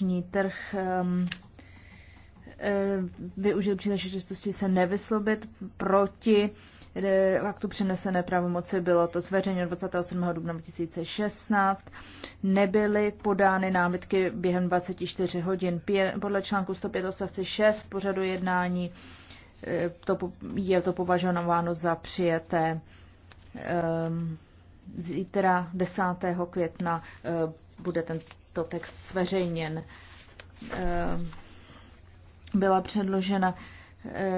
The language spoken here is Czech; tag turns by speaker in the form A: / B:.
A: vnitřní trh ehm, ehm, využil příležitosti se nevyslobit proti e, aktu přenesené pravomoci. Bylo to zveřejněno 27. dubna 2016. Nebyly podány námitky během 24 hodin. Podle článku 105 odstavce 6 pořadu jednání e, je to považováno za přijeté. Ehm, Zítra 10. května eh, bude tento text zveřejněn. Eh, byla předložena eh,